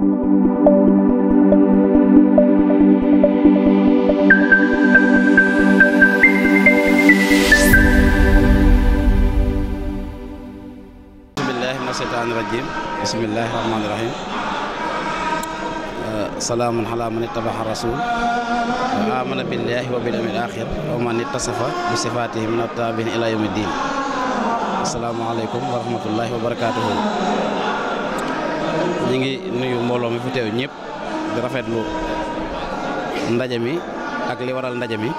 الشيطان الرجيم بسم الله الرحمن الرحيم سلام على من اتبع الرسول وآمن بالله وباليوم الآخر ومن اتصف بصفاته من التابعين إلى يوم الدين السلام عليكم ورحمة الله وبركاته ñi ngi nuyu mbolo mi fu teew ñep di rafetlu ndaje mi ak li waral ndaje mi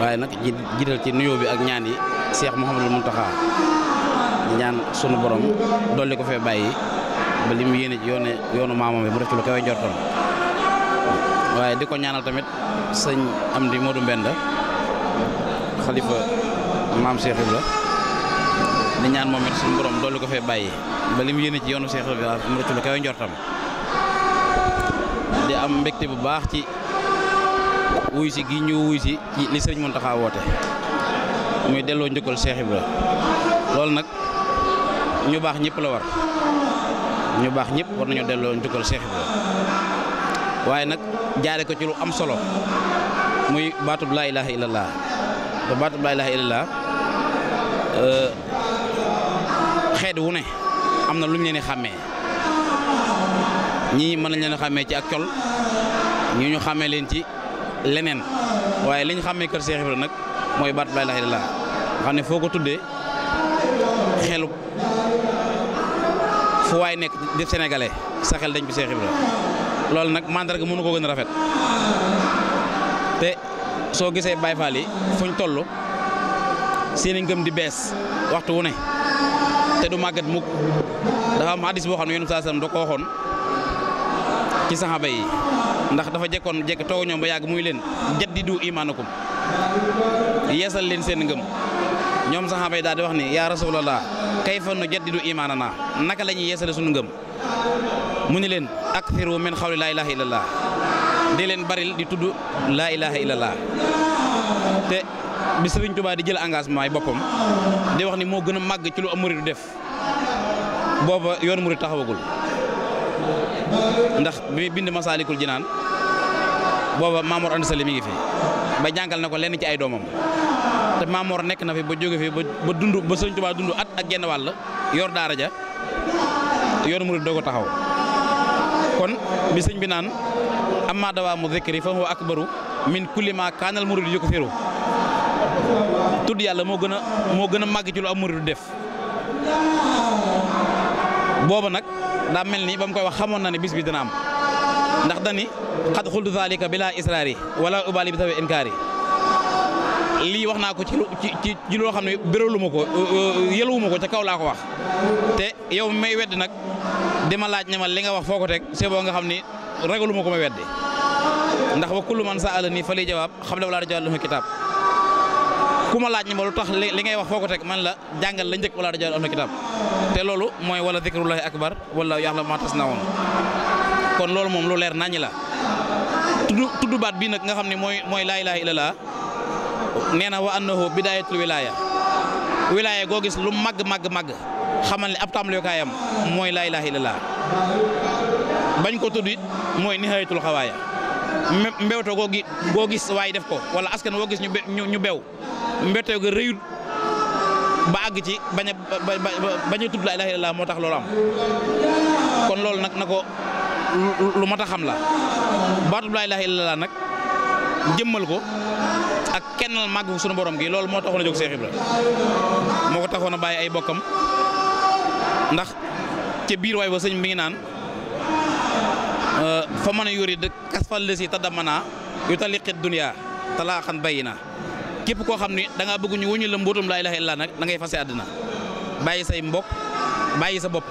waaye nag jiital ci nuyu bi ak ñaan yi Cheikh mohammed muntaha ñaan sunu borom doliko fe bayyi ba li yene ci yone yonu mamam bi mu def ci lu kawe njortam di ñaanal tamit mam Amdi Modou benda khalifa mam Cheikh ibrahim di ñaan moom it suñu borom dolli ko fee bàyyi ba li mu yéene ci yoonu Cheikh Ibrahima mu rëcc lu kawe am mbégte bu baax ci wuy si ñu wuy si ci li woote muy delloo njëkkal Cheikh Ibra loolu nag ñu baax ñëpp la war ñu baax ñëpp war nañoo delloo njëkkal Cheikh Ibra waaye nag jaare ko ci lu am solo muy baatub laa ilaaha illallah xéd wu né amna luñu lu mu leen di xàmmee ñii mën nañ leen a ci ak tol ñii ñu xàmmee leen ci lenen waye liñ xamé keur Cheikh ibrahim nak moy bat laa ilaaha illallaah xamné foko tuddé ko fu way nek def sénégalais sa xel dañ bi Cheikh Ibrahima loolu nag mandarga mënu ko gëna rafet té so gisé bay Fall yi fuñ tollu seen ngëm di bees waxtu wu ne te du magat mukk da am hadis bo xam yunus sallam da ko xon ci sahaba yi ndax dafa jekkoon jek toog ñom ba yag muy len jaddidu imaanakum yeesal len seen ngeum ñom sahaba yi da di wax ni ya rasulullah kayfa nu jaddidu imanana naka la yeesal suñu ngeum mu ni len akthiru min xawli la ilaha illallah di len baril di tuddu la ilaha illallah te bi Serigne Touba di jël engagement yi boppam di wax ni moo gën a màgg ci lu am murid def booba yoonu murid taxawagul ndax bi bind Masaalikul naan booba Maamoor Anta Sali mi ngi fi ba jàngal na ko lenn ci ay doomam te Maamoor nekk na fi ba jóge fi ba dund ba Serigne Touba dund at ak genn wàll yor daara ja yoonu murid doo taxaw kon bi sëñ bi naan am dawaa mu zikri fa ak akbaru min kulli ma kaanal murid yu ko tudd yàlla moo gën a moo gën a màgg ci lu am murid def booba nag daa mel ni koy wax xamoon na ne bis bi dina am ndax dani xad xultu zalika bila israari wala ubali bi tawe inkaari lii wax naa ko ci ci ci loo xam ne béraluma ko kaw laa ko wax te yow may wedd nag dima laaj ne ma li nga wax foo ko teg c'est bon nga xam ni ragaluma weddi ndax wa kullu man sa'alani fali jawaab xam wala rajo kitaab kuma laaj ni mo lu tax li ngay wax foko tek man la jangal la njëkk wala rajo am na kitaab te loolu wala zikrullah akbar wala allah ma tasnaun kon lolu mom lu leer nañ la tuddu tudd baat bi nak nga xamni moy moy la ilaha illallah nee wa annahu bidayatul wilaya wilaya go gis lu mag mag mag xamal ne ab kayam moy la ilaha illallah bañ ko tuddit moy nihayatul khawaya mbewto goo gi goo gis def ko wala askan wo gis ñu bew mbetteel ga rëyut ba àgg ci bañ a laa ilaaha illallaah moo tax loolu am kon loolu nag na ko lu mat a xam la baatub laa ilaaha illallaah nag jëmmal ko ak kennal màgg ko sunu borom gi loolu moo taxu a jóg Seex Ibra moo ko taxoon a bàyyi ay bokkam ndax ci biir waay ba sëñ mi ngi naan fa mën a yori de kas fal lesi tadamana yu taliqi dunya talaaxan bayina képp ko xamni da nga bëgg ñu lembutum la ilaha illallah nak da ngay fassé aduna bayyi say mbokk bayyi sa bop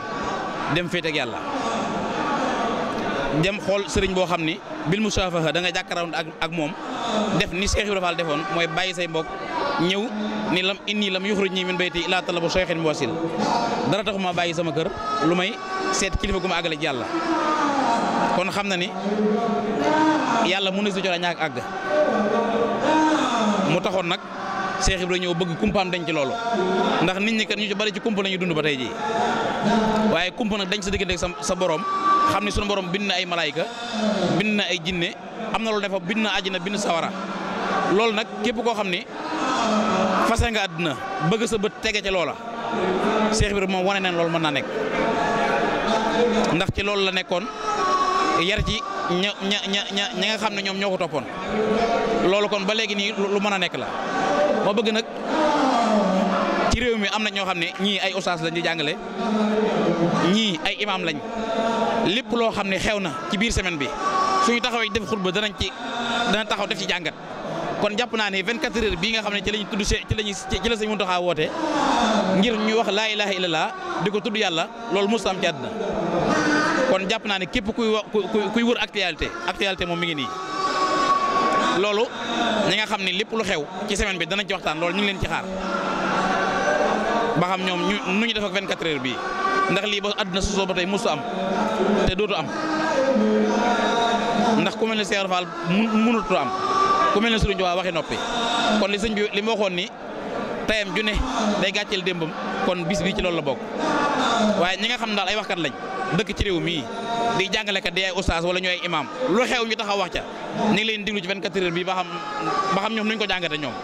dem fété ak yalla dem xol sëriñ bo xamni bil musafaha da nga jakkaraw ak ak def ni Cheikh Ibrahima Fall defoon mooy bàyyi say mbokk ñew ni lam inni lam yuxruj ñi min bayti ila talabu shaykhin wasil dara taxuma bayyi sama kër lumay sét kilifa guma ma àggale kon xamna ni yalla mu ne su jot ñak ag mu taxoon nak Cheikh ibrahim ñëw bëgg kumpaam dañ ci loolu ndax nit ñi kan ñu ci bari ci kumpa lañu dund ba tay ji waye kumpa nak dañ sa digënde sa sa borom xamni suñu borom bind na ay malaika bind na ay jinne amna na loolu dafa bind na àjjana bind sawara loolu nak képp ko xamni fasé nga aduna bëgg sa bëtt tege ci loola Cheikh ibrahim mo wane né loolu mëna nek ndax ci loolu la nekkon yar ci ña ña ña ña ña nga xam ne ñoom ñoo ko toppoon loolu kon ba léegi nii lu mën a nekk la ma bëgg nag ci réew mi am na ñoo xam ne ñii ay ustaas lañuy jàngale ñii ay imaam lañ lépp loo xam ne xew na ci biir semaine bi suñu taxawee def xutba danañ ci dana taxaw def ci jàngat kon jàpp naa ne 24 heures bii nga xam ne ci lañu tudd ci lañu ci la sëñ Muntaxa woote ngir ñuy wax laa ilaaha illallah di ko tudd yàlla loolu mosut am ci àdduna kon jàpp naa ne képp kuy kuy wër actualité actualité moom mi ngi nii loolu ñi nga xam ne lépp lu xew ci semaine bi dana ci waxtaan loolu ñu ngi leen ci xaar ba xam ñoom ñu nu ñu def ak bii ndax lii ba àdduna sosoo ba tey musu am te dootu am ndax ku mel ne Seydou Fall mënutu am ku mel ne Serigne Touba waxi noppi kon li sëñ bi li ma waxoon ni tayam ju ne day gàcceel démbam kon bis bi ci loolu la bokk. waaye ñi nga xam ne daal ay waxkat lañ dëkk ci réew mii di jàngalekat di ay oustaz wala ñu ay imam lu xew ñu taxaw wax ca ñu ngi leen diglu ci 24 heures bi ba xam ba xam ñoom nuñ ko jàngate ñoom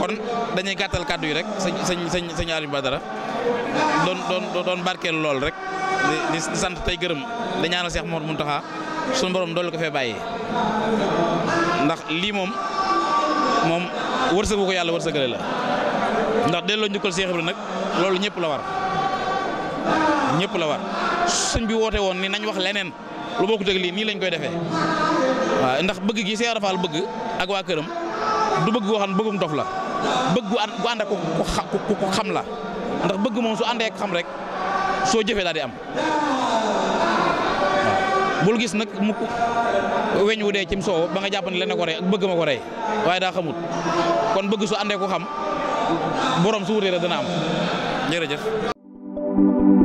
kon dañuy gàttal kàddu yi rek sëñ sañ sëñ Aliou Badara doon doon doon barkeel lool rek di sant tey gërëm di ñaanal Cheikh Mouhamadou Mountakha suñu borom doolu ko fee bàyyi ndax lii moom moom wërsëgu ko yàlla wërsëgale la. ndax delloo njukkal Seex Ibra nag loolu ñëpp la war la war sëñ bi woote woon ni nañ wax leneen lu bokku teg lii nii lañ koy defee waaw ndax bëgg gis Seex Ibra bëgg ak waa këram du bëgg goo xam ne bëggum dof la bëgg gu ànd gu ku xam la ndax bëgg moom su àndee xam rek soo jëfee daal di am bul gis nag mu weñ wu dee cim soow ba nga jàpp ne leen ko rey ak bëgg ma ko rey waaye daa xamut kon bëgg su àndee ko xam borom su wutee rek dana am